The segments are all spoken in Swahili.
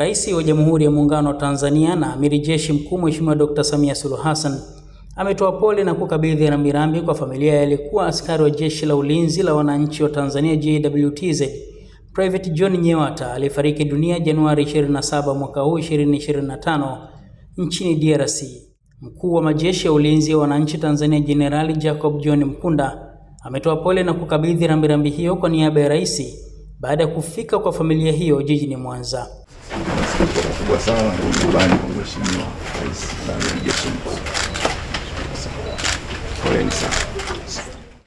Rais wa Jamhuri ya Muungano wa Tanzania na Amiri Jeshi Mkuu Mheshimiwa Dr. Samia Suluhu Hassan ametoa pole na kukabidhi rambirambi kwa familia ya aliyekuwa askari wa Jeshi la Ulinzi la Wananchi wa Tanzania JWTZ Private John Nyewata aliyefariki dunia Januari 27 mwaka huu 2025 nchini DRC. Mkuu wa majeshi ya ulinzi ya wananchi Tanzania Jenerali Jacob John Mkunda ametoa pole na kukabidhi rambirambi hiyo kwa niaba ya rais baada ya kufika kwa familia hiyo jijini Mwanza kubwa sana nyumbani kwa Mheshimiwa Rais Poleni sana.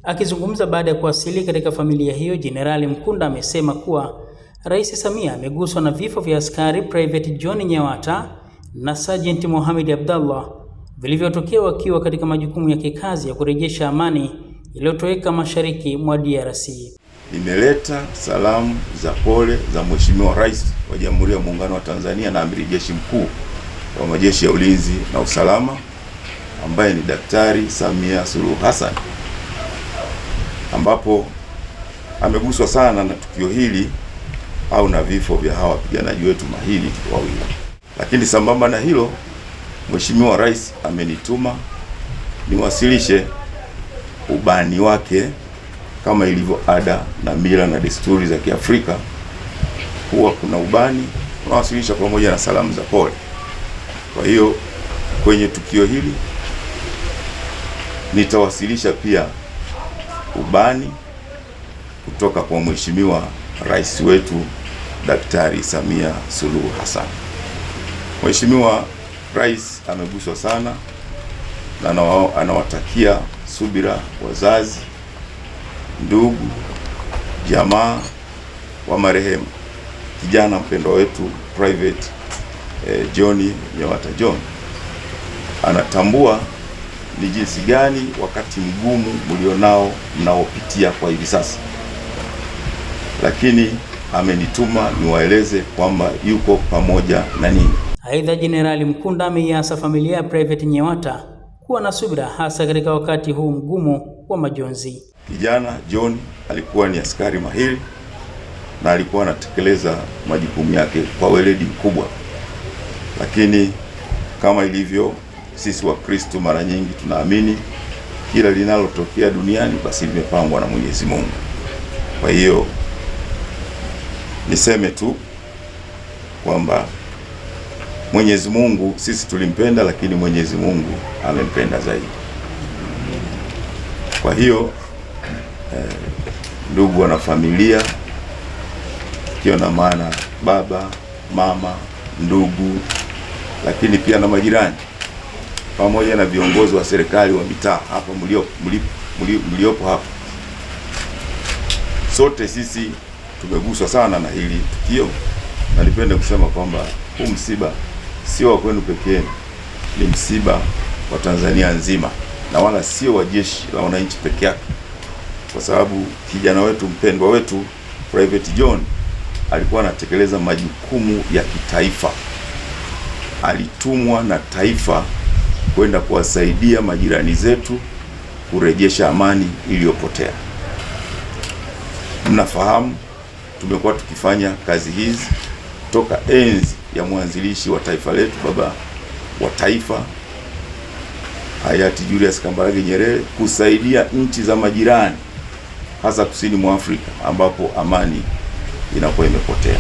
Akizungumza baada ya kuwasili katika familia hiyo, Jenerali Mkunda amesema kuwa Rais Samia ameguswa na vifo vya askari Private John Nyawata na Sergeant Mohamed Abdallah vilivyotokea wakiwa katika majukumu ya kikazi ya kurejesha amani iliyotoweka mashariki mwa DRC nimeleta salamu za pole za Mheshimiwa Rais wa Jamhuri ya Muungano wa Tanzania na Amiri Jeshi Mkuu wa Majeshi ya Ulinzi na Usalama ambaye ni Daktari Samia Suluhu Hassan, ambapo ameguswa sana na tukio hili au na vifo vya hawa wapiganaji wetu mahili wawili. Lakini sambamba na hilo, Mheshimiwa Rais amenituma niwasilishe ubani wake kama ilivyo ada na mila na desturi za Kiafrika, huwa kuna ubani unawasilisha pamoja na salamu za pole. Kwa hiyo kwenye tukio hili nitawasilisha pia ubani kutoka kwa Mheshimiwa Rais wetu Daktari Samia Suluhu Hassan. Mheshimiwa Rais ameguswa sana na anawatakia subira wazazi ndugu, jamaa wa marehemu kijana mpendwa wetu Private eh, John Nyawata John anatambua ni jinsi gani wakati mgumu mlionao mnaopitia kwa hivi sasa, lakini amenituma niwaeleze kwamba yuko pamoja na nini Aidha, Jenerali Mkunda ameiasa familia ya Private Nyawata kuwa na subira hasa katika wakati huu mgumu wa majonzi. Kijana John alikuwa ni askari mahiri na alikuwa anatekeleza majukumu yake kwa weledi mkubwa, lakini kama ilivyo sisi Wakristo, mara nyingi tunaamini kila linalotokea duniani basi limepangwa na Mwenyezi Mungu. Kwa hiyo niseme tu kwamba Mwenyezi Mungu, sisi tulimpenda, lakini Mwenyezi Mungu amempenda zaidi. Kwa hiyo eh, ndugu wanafamilia, ikiwa na maana baba, mama, ndugu, lakini pia na majirani pamoja na viongozi wa serikali wa mitaa hapa mliopo hapa, sote sisi tumeguswa sana na hili tukio, na nipende kusema kwamba huu msiba sio wa kwenu pekee, ni msiba wa Tanzania nzima na wala sio wa jeshi la wananchi peke yake, kwa sababu kijana wetu mpendwa wetu Private John alikuwa anatekeleza majukumu ya kitaifa. Alitumwa na taifa kwenda kuwasaidia majirani zetu kurejesha amani iliyopotea. Mnafahamu tumekuwa tukifanya kazi hizi toka enzi ya mwanzilishi wa taifa letu, baba wa taifa hayati Julius Kambarage Nyerere kusaidia nchi za majirani hasa kusini mwa Afrika ambapo amani inakuwa imepotea.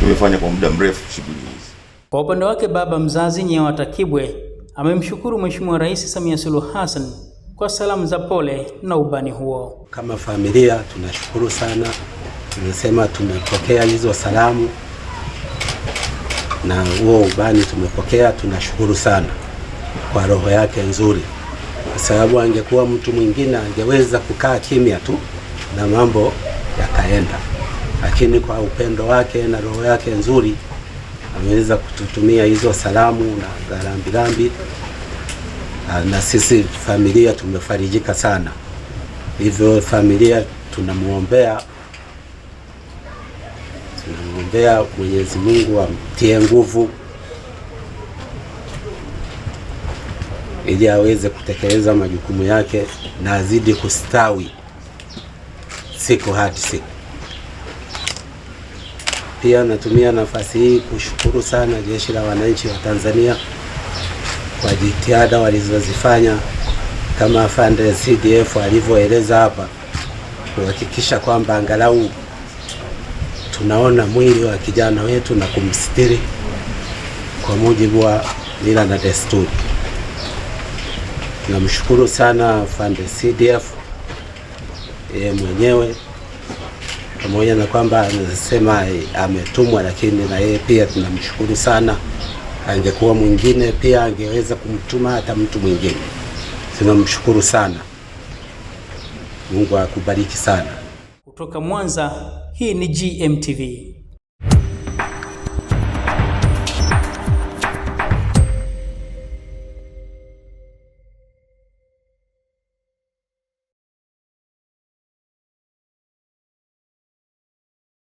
Tumefanya kwa muda mrefu shughuli hizi. Kwa upande wake, baba mzazi Nyawata Kibwe amemshukuru Mheshimiwa Rais Samia Suluhu Hassan kwa salamu za pole na ubani huo. Kama familia tunashukuru sana, tunasema tumepokea hizo salamu na huo ubani tumepokea, tunashukuru sana kwa roho yake nzuri, kwa sababu angekuwa mtu mwingine angeweza kukaa kimya tu na mambo yakaenda, lakini kwa upendo wake na roho yake nzuri ameweza kututumia hizo salamu na rambirambi, na sisi familia tumefarijika sana. Hivyo familia tunamwombea tunamwombea Mwenyezi Mungu amtie nguvu ili aweze kutekeleza majukumu yake na azidi kustawi siku hadi siku. Pia natumia nafasi hii kushukuru sana Jeshi la Wananchi wa Tanzania kwa jitihada walizozifanya kama afande CDF alivyoeleza hapa, kuhakikisha kwamba angalau tunaona mwili wa kijana wetu na kumstiri kwa mujibu wa mila na desturi namshukuru sana Fande CDF yeye mwenyewe, pamoja na kwamba anasema ametumwa, lakini na yeye pia tunamshukuru sana. Angekuwa mwingine pia angeweza kumtuma hata mtu mwingine. Tunamshukuru sana, Mungu akubariki sana. Kutoka Mwanza, hii ni GMTV.